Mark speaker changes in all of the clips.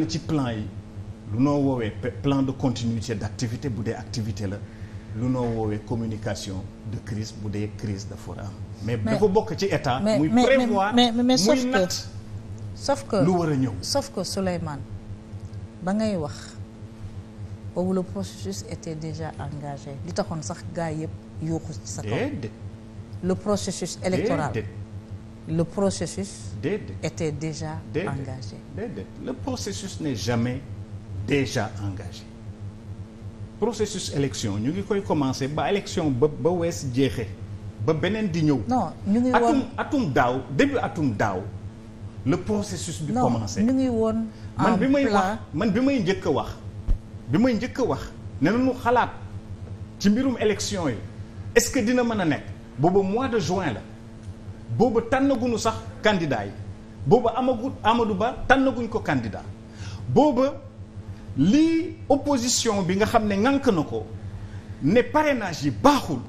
Speaker 1: que ci plan yi lu noo woowee plan de continuité d'activité bu dee activité la lu noo woowee communication de crise bu dee crise dafa war a am. mais dafa bokk ci état.
Speaker 2: muy prévoir mais mais mais sauf que sauf que lu war a ñëw. sauf que Souleymane ba ngay wax boobu le processus était déjà engagé li taxoon sax gaa yëpp yuuxu sa kaw. le processus électoral. le processus déedéet était déjà déedéet engagé
Speaker 1: le processus n'est jamais déjà engagé processus élection ñu ngi koy commencé ba élection ba ba wees jeexee ba beneen di ñëw non ñu ngi atum atum daaw début atum daaw le processus bi commencé ñu ngi woon man bi may wax man bi may njëkk a wax bi may njëkk a wax ne nañu xalaat ci mbirum élection yi est-ce que dina mën a nekk booba mois de juin la booba tànnaguñu sax candidat yi booba amagu Amadou Ba tànnaguñ ko candidat booba li opposition bi nga xam ne ŋànk na ko ne parrainage yi baaxul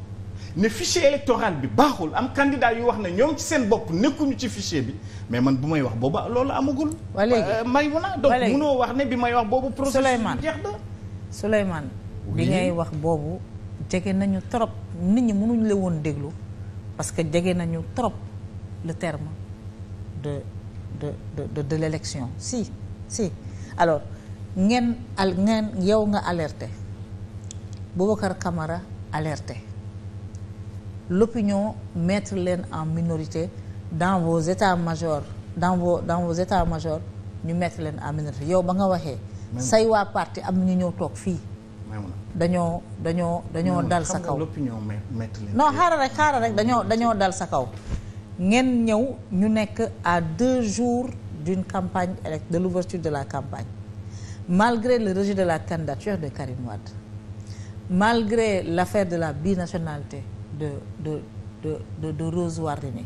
Speaker 1: ne fichier électoral bi baaxul am candidat yu wax ne ñoom ci seen bopp nekkuñu ci fichier bi mais man bu may wax booba loolu amagul. waa léegi euh, may mun a donc munoo
Speaker 2: wax ne bi may wax boobu. processus bi jeex na Souleymane bi ngay wax boobu jege nañu trop nit ñi mënuñ la woon déglu parce que jege nañu trop. le terme de de de de, de l'élection si si alors ngeen al ngeen yow nga alerté Boubacar Camara alerté l'opinion mettre leen en minorité dans vos états-majors dans vos états-majors ñu mettre leen en minorité yow ba nga waxee say waa parti am ñu ñëw toog fii dañoo dañoo dañoo dal sa kaw l'opinion mettre rek xaaral rek dañoo dal sa kaw ngeen ñëw ñu nekk à deux jours d'une campagne élect de l'ouverture de la campagne malgré le rejet de la candidature de Karim Wade malgré l'affaire de la binationalité de de de de, de Rose Wardini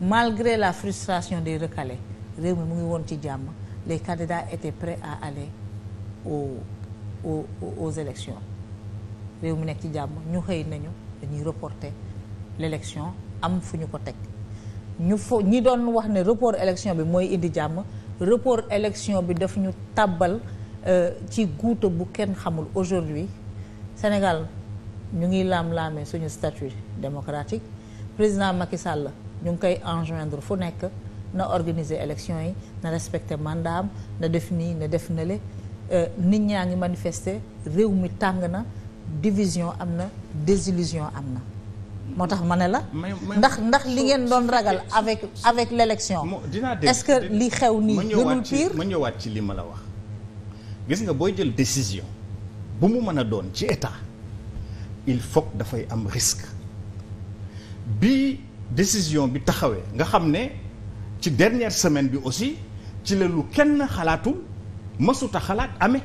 Speaker 2: malgré la frustration des recalés réew mi mu ngi woon ci jàmm les candidats étaient prêts à aller aux aux aux élections réew mu nekk ci jàmm ñu xëy nañu dañuy reporter l'élection am fu ñu ko teg ñu fo ñi doon wax ne report élection bi mooy indi jàmm report élection bi daf ñu tàbbal euh, ci guuta bu kenn xamul aujourd'hui Sénégal ñu ngi laam-laamee suñu statut démocratique président Macky Sall ñu ngi koy enjoindre fu nekk na organiser élection yi na respecter mandat am na def nii na def na le euh, nit ñaa ngi manifester réew mi tàng na division am na désillusion am na moo tax ma ne la. ndax ndax li ngeen doon ragal avec avec l'élection. est-ce que li xew nii gënul pire
Speaker 1: ma ñëwaat ci li ma la wax. gis nga booy jël décision bu mu mën a doon ci état il faut dafay am risque bi décision bi taxawee nga xam ne ci dernière semaine bi aussi ci la lu kenn xalaatul mësuta xalaat amee.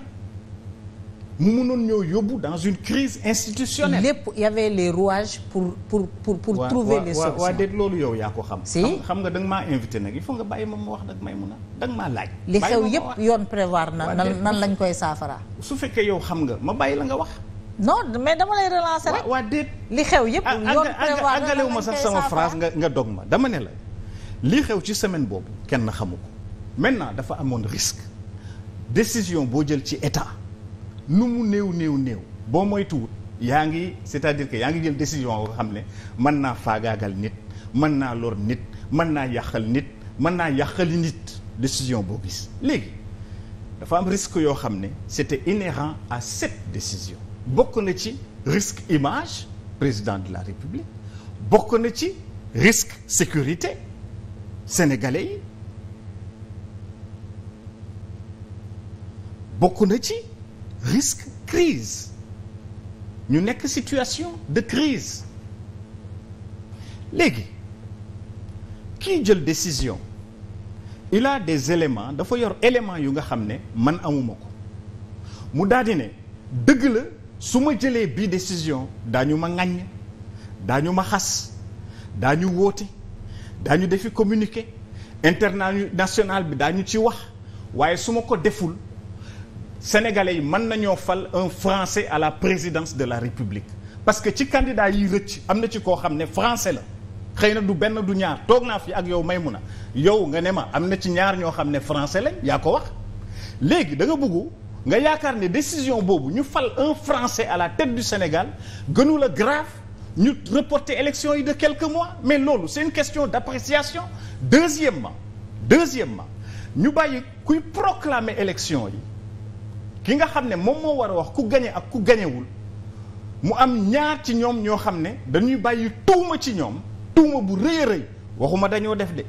Speaker 1: mu mënoon ñoo yóbbu dans une crise institutionnelle.
Speaker 2: lépp y avait les rouages pour pour pour pour. Ouais, trouver ouais, les solutions waaw
Speaker 1: loolu yow yaa ko xam. si xam nga danga nga maa invité nag il faut nga bàyyi ma ma wax nag may mun a da nga maa laaj. li xew yépp yoon prévoir na nan lañ
Speaker 2: koy saafara
Speaker 1: su fekkee yow xam nga ma bàyyi la nga wax.
Speaker 2: non mais dama lay relancer rek. waa déet li xew yépp yoon prévoir na ma sax sama phrase
Speaker 1: nga nga dog ma dama ne la li xew ci semaine boobu kenn xamu ko maintenant dafa amoon risque décision boo jël ci état. nu mu néew néew néew boo moytuwut yaa ngi c'est-à-dire que yaa ngi jël décision boo xam ne mën naa faagaagal nit mën naa lor nit mën naa yàqal nit mën naa yàqali nit décision boo gis léegi dafa am risque yoo xam ne c'était inhérent à set décision bokk na ci risque image président de la République bokk na ci risque sécurité sénégalais yi bokk na ci risque crise ñu nekk situation de crise léegi kii jël décision il a des éléments dafa yor éléments yu nga xam ne man amuma ko mu daal ne dëgg la su ma jëlee bii décision daañu ma ŋàññ daañu ma xas daañu woote daañu defi communiqué international bi daañu ci wax waaye su ma ko deful sénégalais yi mën nañoo fal un français à la présidence de la république parce que ci candidat yi rëcc am na ci koo xam ne français la xëy na du benn du ñaar toog naa fi ak yow may mun a yow nga ne ma am na ci ñaar ñoo xam ne français lañ yaa ko wax léegi danga buggu nga yaakaar ne décision boobu ñu fal un français à la tête du Sénégal gënu la grave ñu reporter élection yi de quelques mois mais loolu c'est une question d'appréciation deuxièmement deuxièmement ñu bàyyi kuy proclamer élection yi ki nga xam ne moom moo war a wax ku gañe ak ku gañewul mu am ñaar ci ñoom ñoo xam ne dañuy bàyyi tuuma ci ñoom tuuma bu rëy rëy waxuma dañoo def de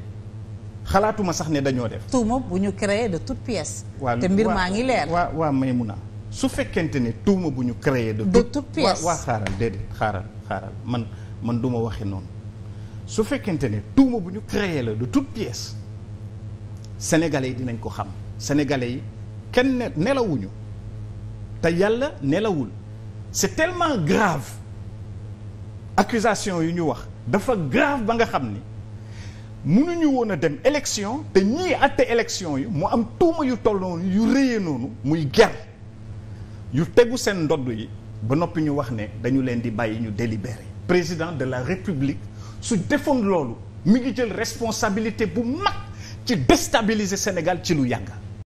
Speaker 1: xalaatuma sax ne dañoo def.
Speaker 2: tuuma bu ñu créé de toute pièce. waaw te mbir ngi leer.
Speaker 1: waaw waaw Maymuna su fekkente ne tuuma bu ñu de toute pièce waaw xaaral déedéet man man du waxee noonu su fekkente ne tuuma bu ñu créé la de toute pièce yi dinañ ko xam sénégalais yi kenn nelawuñu te yàlla nelawul c'est tellement grave accusation yu ñu wax dafa grave ba nga xam ni mënuñu woon a dem élection te ñii àtte élection yi mu am tuuma yu toll noonu yu rëyee noonu muy ger yu tegu seen ndodd yi ba noppi ñu wax ne dañu leen di bàyyi ñu délibéré président de la république su defoon loolu mi ngi jël responsabilité bu mag ci déstabiliser Sénégal ci lu yàgg